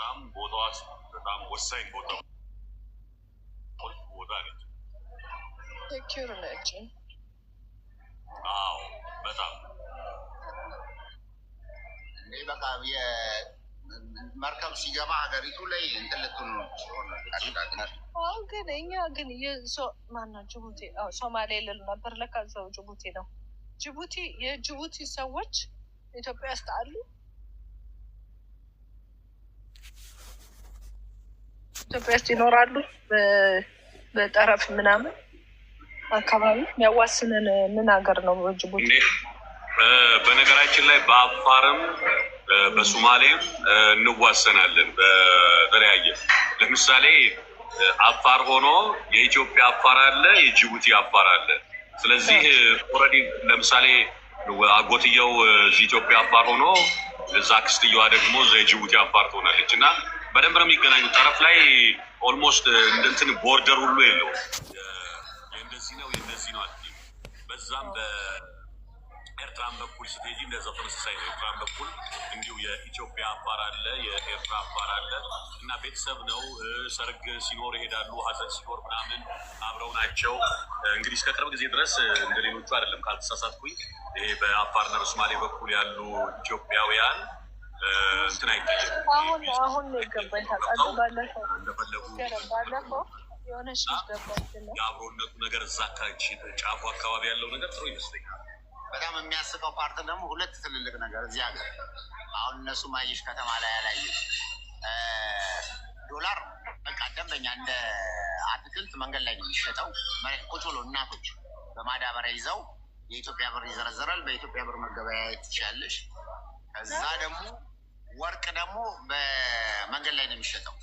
እናም ቦታዋ በጣም ወሳኝ ቦታ ቦታ ነች። ሴኪር ነች። አዎ በጣም በቃ ሲገባ ሀገሪቱ ላይ እንትልትኑ አሁን ግን እኛ ግን ጅቡቲ ሶማሌ ልል ነበር። ለካ ጅቡቲ ነው። ጅቡቲ የጅቡቲ ሰዎች ኢትዮጵያ ውስጥ አሉ። ኢትዮጵያ ውስጥ ይኖራሉ። በጠረፍ ምናምን አካባቢ የሚያዋስንን ምን ሀገር ነው ጅቡቲ? በነገራችን ላይ በአፋርም በሶማሌም እንዋሰናለን። በተለያየ ለምሳሌ አፋር ሆኖ የኢትዮጵያ አፋር አለ፣ የጅቡቲ አፋር አለ። ስለዚህ ኦልሬዲ ለምሳሌ አጎትየው ኢትዮጵያ አፋር ሆኖ እዛ አክስትየዋ ደግሞ የጅቡቲ አፋር ትሆናለች እና በደንብ ነው የሚገናኙ። ጠረፍ ላይ ኦልሞስት እንትን ቦርደር ሁሉ የለውም። የእንደዚህ ነው የእንደዚህ ነው። በዛም በኤርትራን በኩል ስትሄጂ እንደዛ ተመሳሳይ ነው። ኤርትራን በኩል እንዲሁ የኢትዮጵያ አፋር አለ፣ የኤርትራ አፋር አለ እና ቤተሰብ ነው። ሰርግ ሲኖር ይሄዳሉ፣ ሀዘን ሲኖር ምናምን አብረው ናቸው። እንግዲህ እስከ ቅርብ ጊዜ ድረስ እንደሌሎቹ አይደለም። ካልተሳሳትኩኝ ይሄ በአፋርና በሶማሌ በኩል ያሉ ኢትዮጵያውያን እንትን አይጠየቅም። አሁን አሁን ነው የገባኝ ታውቃለህ። ባለፈው የአብሮነቱ ነገር እዛ ጫፉ አካባቢ ያለው ነገር ጥሩ ይመስለኛል። በጣም የሚያስቀው ፓርት ደግሞ ሁለት ትልልቅ ነገር እዚህ ሀገር አሁን እነሱ ማየሽ ከተማ ላይ ያላየ ዶላር በቃ ደንበኛ እንደ አትክልት መንገድ ላይ ነው የሚሸጠው። ቁጭ ብሎ እናቶች በማዳበሪያ ይዘው የኢትዮጵያ ብር ይዘረዘራል። በኢትዮጵያ ብር መገበያየት ትችያለሽ። ከዛ ደግሞ ወርቅ ደግሞ በመንገድ ላይ ነው የሚሸጠው።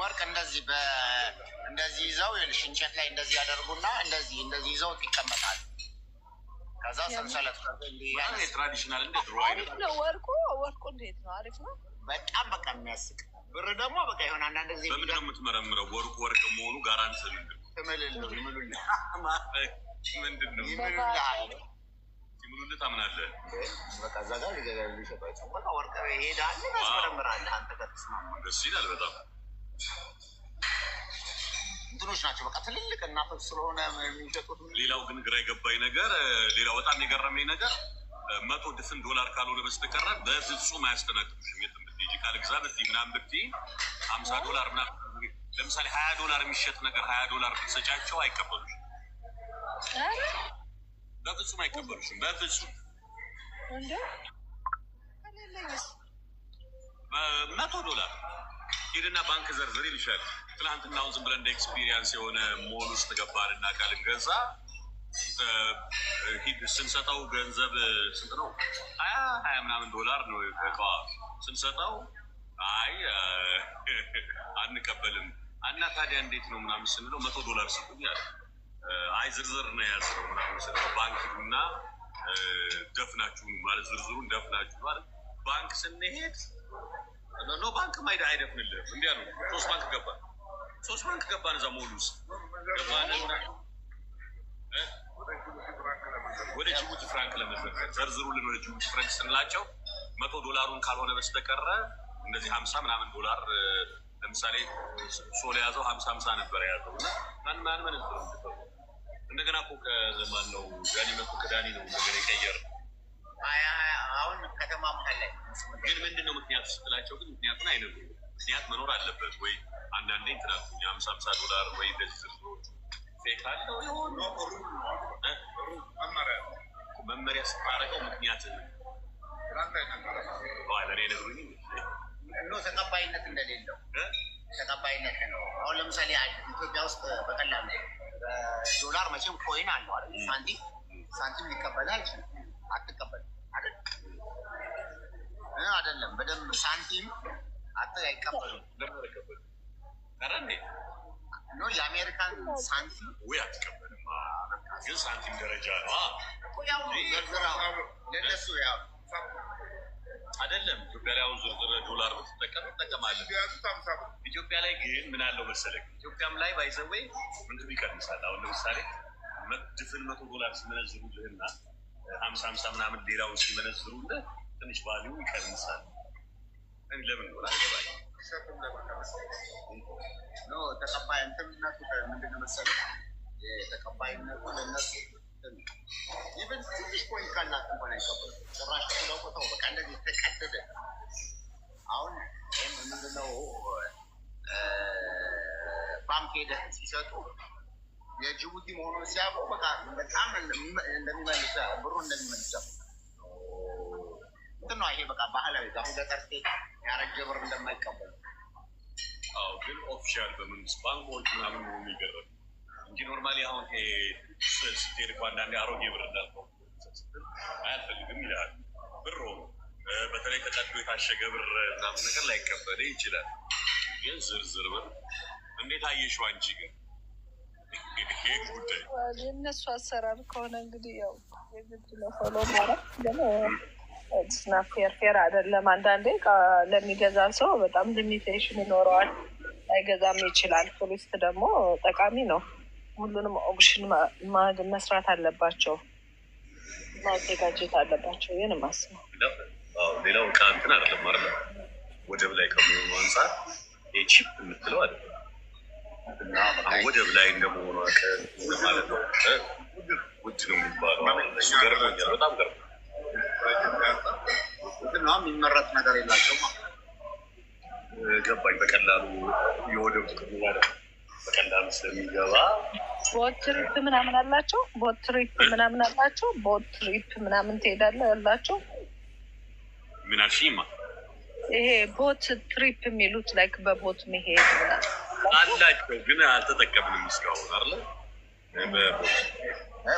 ወርቅ እንደዚህ እንደዚህ ይዘው ይኸውልሽ እንጨት ላይ እንደዚህ ያደርጉና እንደዚህ እንደዚህ ይዘው ይቀመጣል። ከዛ ሰንሰለት ትራዲሽናል እንደ ድሮ አይነት ነው። ወርቁ ወርቁ እንዴት ነው? አሪፍ ነው በጣም በቃ የሚያስቅ ብር ደግሞ በቃ የሆነ አንዳንድ ጊዜ በምንድን ነው የምትመረምረው? ወርቁ ወርቅ መሆኑ ጋራንስ ምልል ነው? ምንድን ነው ይምልልሃል ሙሉነት አምናለህ? በቃ እዛ ጋር ወርቀ አንተ ደስ ይላል። በጣም እንትኖች ናቸው። በቃ ትልልቅ እናቶች ስለሆነ የሚሸጡት። ሌላው ግን ግራ የገባኝ ነገር፣ ሌላው በጣም የገረመኝ ነገር መቶ ድፍን ዶላር ካልሆነ በስተቀረ በፍጹም አያስተናግዱሽም። የትም ብትሄጂ ካልግዛ ብትይ ምናምን ብትይ ሀምሳ ዶላር ምናምን ለምሳሌ ሀያ ዶላር የሚሸጥ ነገር ሀያ ዶላር ብትሰጫቸው አይቀበሉሽም። በፍጹም አይከበርሽም። በፍጹም መቶ ዶላር ሄድና ባንክ ዘርዝር ይልሻል። ትናንትናውን ዝም ብለን እንደ ኤክስፒሪየንስ የሆነ ሞል ውስጥ ገባን እና ቃልን ገዛ ሂድ ስንሰጠው ገንዘብ ስንት ነው? ሀያ ሀያ ምናምን ዶላር ነው እቃዋ። ስንሰጠው አይ አንቀበልም እና ታዲያ እንዴት ነው ምናምን ስንለው መቶ ዶላር ስጡኝ አለ። አይ ዝርዝር ነው የያዝነው ምናምን ስለ ባንክ ሂዱና ደፍናችሁ ማለት ዝርዝሩን ደፍናችሁ ማለት ባንክ ስንሄድ ኖ ባንክ ማይድ አይደፍንልህም እንዲ ያሉ ሶስት ባንክ ገባ ሶስት ባንክ ገባን እዛ ሞል ውስጥ ገባን። ወደ ጅቡቲ ፍራንክ ለመዘርዘር ዘርዝሩልን ወደ ጅቡቲ ፍራንክ ስንላቸው መቶ ዶላሩን ካልሆነ በስተቀረ እንደዚህ ሀምሳ ምናምን ዶላር ለምሳሌ ሶል የያዘው ሀምሳ ሀምሳ ነበር የያዘው እና ማን ማን ምን እንደገና እኮ ከዘማን ነው ዳኒ መኮ ከዳኒ ነው እንደገና ይቀየር አሁን ከተማ ላይ ግን ምንድን ነው ምክንያቱ ስትላቸው ግን ምክንያቱን አይነግሩም። ምክንያት መኖር አለበት ወይ አንዳንዴ ትናቱ የሀምሳ ሀምሳ ዶላር ወይ እንደዚህ ዝርዝሮች ፌክ አለው የሆኑ መመሪያ ስታረገው ምክንያት ለእኔ ነግሩኝ ተቀባይነት እንደሌለው ተቀባይነት ነው። አሁን ለምሳሌ ኢትዮጵያ ውስጥ በቀላሉ ዶላር መቼም ኮይን አለው አይደል? ሳንቲም ሳንቲም ሊቀበልህ አይችልም። አትቀበልም አይደል? አይደለም በደንብ ሳንቲም አት አይቀበሉም። ኖ የአሜሪካን ሳንቲም ወይ አትቀበልም። ግን ሳንቲም ደረጃ ነው ለነሱ ያው አይደለም ኢትዮጵያ ላይ አሁን ዝርዝር ዶላር ብትጠቀም ትጠቀማለህ። ኢትዮጵያ ላይ ግን ምን አለው መሰለህ፣ ኢትዮጵያም ላይ ባይዘወይ ምንድን ይቀንሳል። አሁን ለምሳሌ ድፍን መቶ ዶላር ሲመነዝሩልህና ሀምሳ ሀምሳ ምናምን ሌላውን ሲመነዝሩልህ ትንሽ ባሊው ይቀንሳል። ለምን ዶላ ገባል ተቀባይነት ምንድን ነው መሰለህ ተቀባይነቱ ለነሱ ኢቨን ትንሽ ፖይንት ካላት እንኳን አይቀበልም። ጭራሽ ስለቆተው በቃ እንደዚህ ተቀደደ። አሁን ምንድነው ባንክ ሄደህ ሲሰጡ የጅቡቲ መሆኑን ሲያውቁ በቃ በጣም እንደሚመልሰ ብሩ እንደሚመልሰ እንትን ነው። ይሄ በቃ ባህላዊ አሁን ገጠር ስቴት ያረጀ ብር እንደማይቀበሉ ግን ኦፊሻል በመንግስት ባንክ ምናምን ነው የሚገረም እንጂ ኖርማሊ አሁን ስትሄድ እኮ አንዳንዴ አሮጌ ብር እንዳልከው አያልፈልግም ብሩ በተለይ ተቀዶ የታሸገ ብር ምናምን ነገር ላይቀበል ይችላል። ግን ዝርዝር ብር እንዴት አየሽው አንቺ? ግን የእነሱ አሰራር ከሆነ እንግዲህ ያው የግድ ማለት ስና ፌር ፌር አይደለም። አንዳንዴ ለሚገዛ ሰው በጣም ሊሚቴሽን ይኖረዋል፣ አይገዛም ይችላል። ቱሪስት ደግሞ ጠቃሚ ነው። ሁሉንም ኦፕሽን መስራት አለባቸው፣ ማዘጋጀት አለባቸው። ይህን ማስበው ሌላው ዕቃ እንትን አይደለም አለ ወደብ ላይ ከመሆኑ አንጻር የቺፕ የምትለው አለ እና ወደብ ላይ እንደመሆኑ ማለት ነው ውድ ነው የሚባለው ገርሞኛል፣ በጣም ገርሞኛል። የሚመረት ነገር የላቸው ገባኝ። በቀላሉ የወደብ ጥቅም በቀላሉ ስለሚገባ ቦት ትሪፕ ምናምን አላቸው። ቦት ትሪፕ ምናምን አላቸው። ቦት ትሪፕ ምናምን ትሄዳለህ አላቸው። ምን አልሽኝ? ይሄ ቦት ትሪፕ የሚሉት ላይክ በቦት መሄድ አላቸው፣ ግን አልተጠቀምንም እስካሁን አለ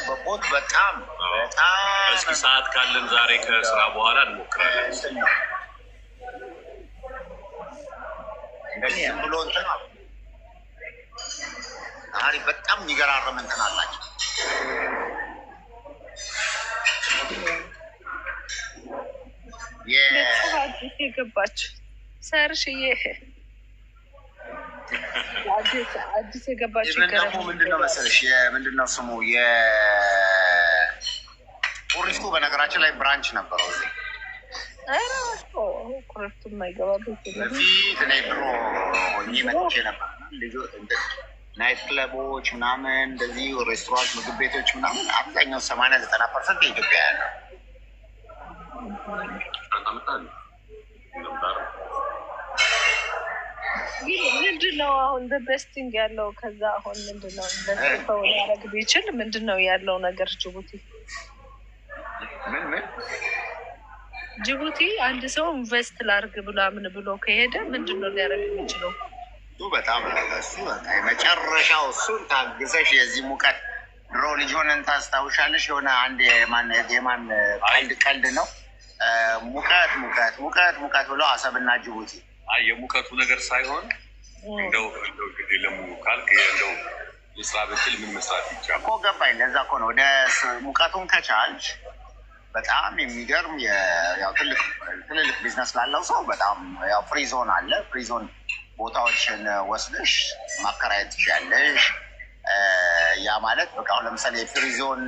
በቦት በጣም በጣም። እስኪ ሰዓት ካለን ዛሬ ከስራ በኋላ እንሞክራለን። ብሎ ባህሪ በጣም የሚገራረም እንትን አላቸው። የገባች ሰርሽዬ አዲስ የገባች ደግሞ ምንድነው መሰለሽ ምንድነው ስሙ የቁሪቱ በነገራችን ላይ ብራንች ነበረው እዚህ ቁሪቱ የማይገባ በፊት እኔ ድሮ ሆኜ መጥቼ ነበር ልጆ ናይት ክለቦች ምናምን እንደዚህ ሬስቶራንት፣ ምግብ ቤቶች ምናምን አብዛኛው ሰማንያ ዘጠና ፐርሰንት የኢትዮጵያ ያለው ምንድን ነው አሁን በቤስቲንግ ያለው ከዛ አሁን ምንድን ነው ሰው ሊያደርግ ቢችል ምንድን ነው ያለው ነገር ጅቡቲ ምን ምን ጅቡቲ አንድ ሰው ኢንቨስት ላርግ ብሎ ምን ብሎ ከሄደ ምንድን ነው ሊያደርግ የሚችለው? በጣም እሱ በቃ የመጨረሻው እሱን ታግሰሽ የዚህ ሙቀት ድሮ ልጅ ሆነን ታስታውሻለሽ? የሆነ አንድ የማን ቀልድ ቀልድ ነው ሙቀት ሙቀት ሙቀት ሙቀት ብለው አሰብና ጅቡቲ የሙቀቱ ነገር ሳይሆን እንደው እንደው ግዴ ለሙሉ ካልክ እንደው ልስራ ብትል ምን መስራት ይቻላል እኮ ገባኝ። ለዛ እኮ ነው ወደ ሙቀቱን ከቻልሽ በጣም የሚገርም ትልልቅ ቢዝነስ ላለው ሰው በጣም ያው አለ ፍሪዞን ቦታዎችን ወስደሽ ማከራየት ትችያለሽ። ያ ማለት በቃ አሁን ለምሳሌ የፕሪዞን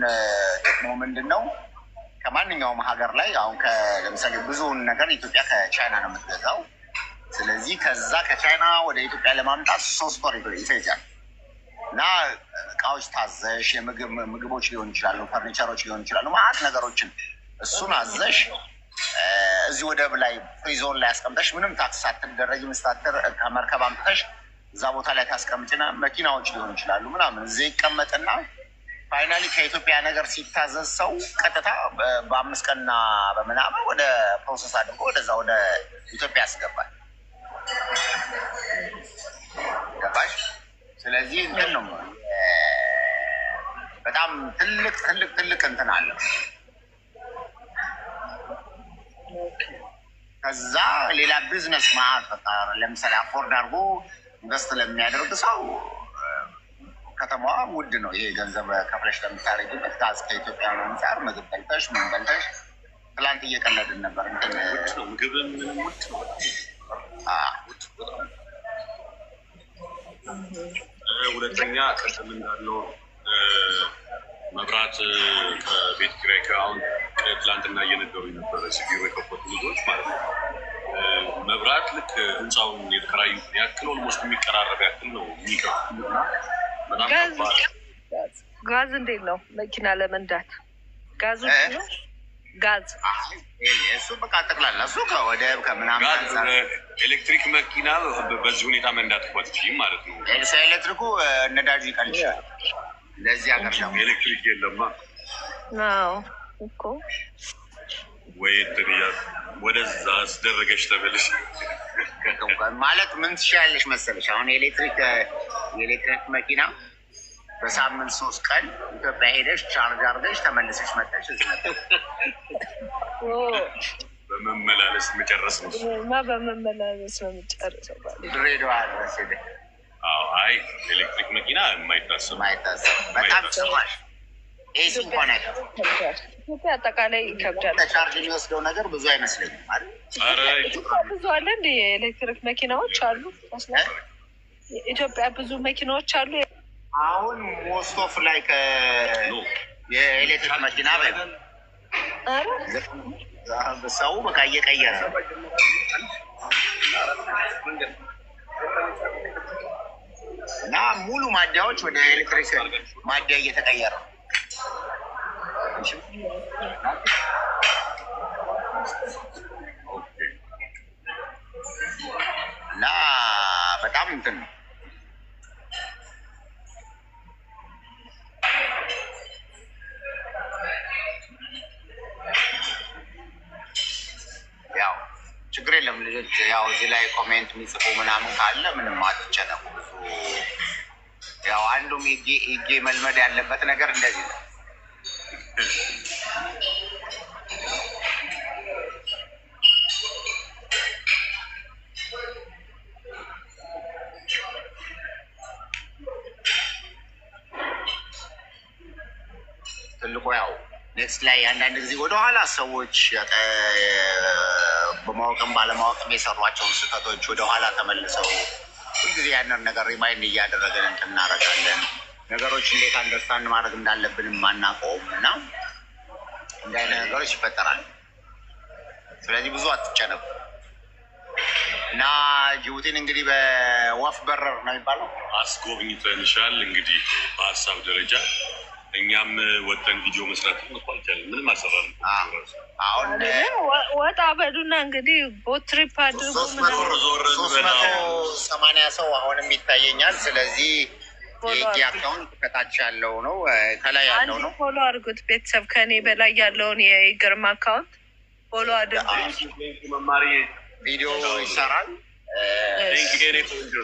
ጥቅሙ ምንድን ነው? ከማንኛውም ሀገር ላይ አሁን ለምሳሌ ብዙውን ነገር ኢትዮጵያ ከቻይና ነው የምትገዛው። ስለዚህ ከዛ ከቻይና ወደ ኢትዮጵያ ለማምጣት ሶስት ወር ይፈጃል እና እቃዎች ታዘሽ፣ የምግብ ምግቦች ሊሆን ይችላሉ፣ ፈርኒቸሮች ሊሆን ይችላሉ፣ መዓት ነገሮችን እሱን አዘሽ እዚህ ወደብ ላይ ፕሪዞን ላይ ያስቀምጠሽ ምንም ታክስ ሳትደረጊ ምስታትር ከመርከብ አምጥተሽ እዛ ቦታ ላይ ታስቀምጭና መኪናዎች ሊሆን ይችላሉ ምናምን እዚህ ይቀመጥና ፋይናሊ ከኢትዮጵያ ነገር ሲታዘዝ ሰው ቀጥታ በአምስት ቀንና በምናምን ወደ ፕሮሰስ አድርጎ ወደዛ ወደ ኢትዮጵያ ያስገባል። ገባሽ? ስለዚህ እንትን ነው በጣም ትልቅ ትልቅ ትልቅ እንትን አለ። ከዛ ሌላ ቢዝነስ ማት ለምሳሌ አፎርድ አድርጎ ኢንቨስት ለሚያደርግ ሰው ከተማዋ ውድ ነው። ይሄ ገንዘብ ከፍለሽ ለምታደርጊበት ጋዝ ከኢትዮጵያ አንጻር ምግብ በልተሽ ምን በልተሽ ትላንት እየቀለድን ነበር። ምግብ ውድ ነው። ሁለተኛ ቅድም እንዳለው መብራት ከቤት ኪራይ ትላንትና እየነገሩ የነበረ ሲቢሮ የከፈቱ ልጆች ማለት ነው። መብራት ልክ ህንፃውን የተከራዩ ያክል ኦልሞስት የሚቀራረብ ያክል ነው የሚከፍሉና በጣም ጋዝ እንዴት ነው መኪና ለመንዳት ጋዙ ጋዝ እሱ በቃ ጠቅላላ እሱ ከወደ ከምናምን ኤሌክትሪክ መኪና በዚህ ሁኔታ መንዳት እኮ አትችይም ማለት ነው። ኤሌክትሪኩ ነዳጁ ይቀንሻል። ለዚህ ሀገር ኤሌክትሪክ የለማ እኮ ወይ ወደዛ አስደረገች ተብልሽ ማለት ምን ትሻለሽ መሰለሽ? አሁን የኤሌክትሪክ የኤሌክትሪክ መኪና በሳምንት ሶስት ቀን ኢትዮጵያ ሄደሽ ቻርጅ አርገሽ ተመልሰሽ መጣሽ። በመመላለስ መጨረስ ነው እና በመመላለስ ነው ድሬዳዋ ድረስ ሄደ። አይ ኤሌክትሪክ መኪና የማይታሰብ በጣም ጭራሽ ኤሲ እንኳን አይከፍም ኢትዮጵያ አጠቃላይ ይከብዳል። ቻርጅ የሚወስደው ነገር ብዙ አይመስለኝም። ብዙ አለ እንደ የኤሌክትሪክ መኪናዎች አሉ። ኢትዮጵያ ብዙ መኪናዎች አሉ። አሁን ሞስቶፍ ላይ uh, የኤሌክትሪክ መኪና ሰው በቃ እየቀየረ እና ሙሉ ማደያዎች ወደ ኤሌክትሪክ ማደያ እየተቀየረ ነው። Gotcha. እና በጣም እንትን ያው ችግር የለም ልጆች፣ ያው እዚህ ላይ ኮሜንት የሚጽፉ ምናምን ካለ ምንም አትጨነቁ። ብዙ ያው አንዱም ጌ መልመድ ያለበት ነገር እንደዚህ ነው። ኔክስት ላይ አንዳንድ ጊዜ ወደኋላ ሰዎች በማወቅም ባለማወቅም የሰሯቸውን ስህተቶች ወደኋላ ተመልሰው ሁልጊዜ ያንን ነገር ሪማይንድ እያደረገን እንትን እናደርጋለን። ነገሮች እንዴት አንደርስታንድ ማድረግ እንዳለብንም አናውቀውም እና እንዲህ አይነት ነገሮች ይፈጠራል። ስለዚህ ብዙ አትጨነቁ እና ጅቡቲን እንግዲህ በወፍ በረር ነው የሚባለው አስጎብኝተንሻል። እንግዲህ በሀሳብ ደረጃ እኛም ወጠን ቪዲዮ መስራት እንኳልቻል ምንም አሰራል። ወጣ በሉና እንግዲህ ቦት ትሪፕ አድርጉ። ሰማንያ ሰው አሁንም ይታየኛል። ስለዚህ የጊ አካውንት ከታች ያለው ነው፣ ከላይ ያለው ነው። ፎሎ አድርጉት ቤተሰብ። ከኔ በላይ ያለውን የግርማ አካውንት ፎሎ አድርጉ። ቪዲዮ ይሰራል።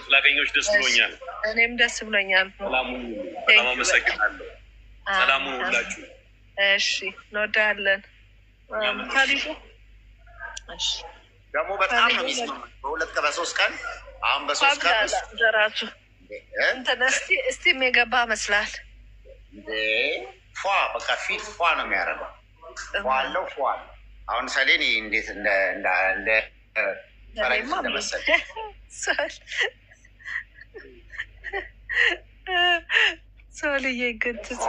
ስላገኘሁሽ ደስ ብሎኛል። እኔም ደስ ብሎኛል። በጣም አመሰግናለሁ። ሰላሙን ሁላችሁ። እሺ እንወዳለን። ታዲሱ ደግሞ በጣም ነው የሚስማማው። በሁለት ቀን በሶስት ቀን አሁን በሶስት ቀን ዘራቱ እንትን እስቲ እስቲም የገባ መስላል ፏ በቃ ፊት ፏ ነው የሚያደርገው። ፏ አለው ፏ አለው። አሁን ሰሌን እንዴት እንደ ሰራዊት እንደመሰለ ሰው ልዬ ገትጽ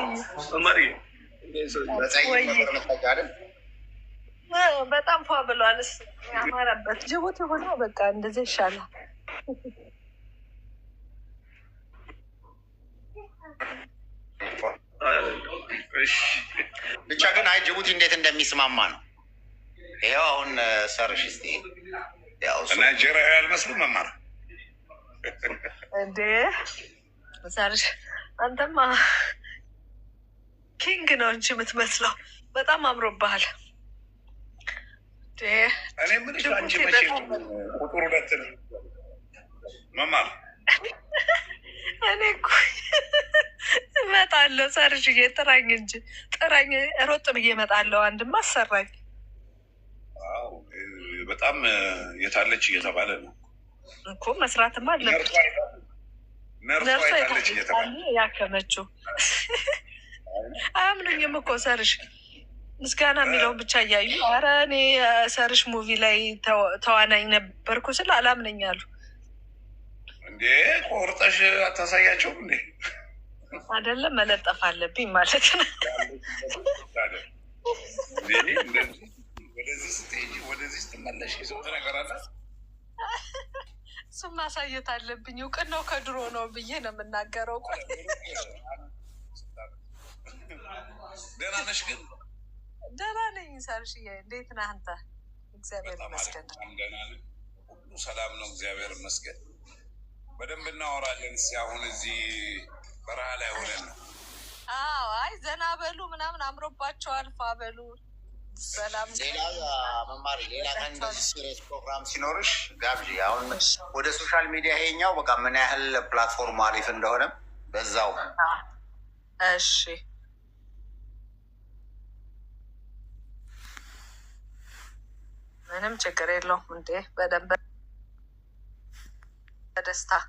በጣም ፏ ብሏል። ያማረበት ጅቡቲ ሆኖ በቃ እንደዚህ ይሻላል። ብቻ ግን አይ ጅቡቲ እንዴት እንደሚስማማ ነው። ይኸው አሁን ሰርሽ ስ ናይጄሪያዊ አልመስልም መማር እንዴ ሰርሽ አንተማ ኪንግ ነው እንጂ የምትመስለው። በጣም አምሮብሃል። እኔ የምልሽ አንቺ መቼ ቁጥር ሁለት ነው መማር እኔ እኮ እመጣለሁ። ሰርሽዬ ጥራኝ እንጂ ጥራኝ፣ ሮጥ ብዬ እመጣለሁ። አንድማ አሰራኝ። በጣም የታለች እየተባለ ነው እኮ መስራትማ አለብን። ነርሷ አይታለች ያከመችው አያምኑኝም እኮ ሰርሽ ምስጋና የሚለውን ብቻ እያዩ ኧረ እኔ ሰርሽ ሙቪ ላይ ተዋናኝ ነበርኩ ስል አላምነኝ አሉ። እንዴ ቆርጠሽ አታሳያቸውም እንዴ? አይደለም መለጠፍ አለብኝ ማለት ነው። ወደዚህ ስትሄጂ ወደዚህ ስትመለሽ የሰውት ነገር አለ ስም ማሳየት አለብኝ። እውቅናው ከድሮ ነው ብዬ ነው የምናገረው። ቆይ ደህና ነሽ? ግን ደህና ነኝ። ሳርሽዬ እንዴት ነህ አንተ? እግዚአብሔር ይመስገን ሁሉ ሰላም ነው፣ እግዚአብሔር ይመስገን። በደንብ እናወራለን። እስኪ አሁን እዚህ በረሃ ላይ ሆነን ነው። አዎ፣ አይ ዘና በሉ ምናምን አምሮባቸዋል። አልፋ በሉ ሌላ መማሪ ሌላ ቀን እንደዚህ ሲሪየስ ፕሮግራም ሲኖርሽ ጋብዥ። አሁን ወደ ሶሻል ሚዲያ ይሄኛው በቃ ምን ያህል ፕላትፎርም አሪፍ እንደሆነ በዛው። እሺ ምንም ችግር የለውም። እንዴ በደንብ በደስታ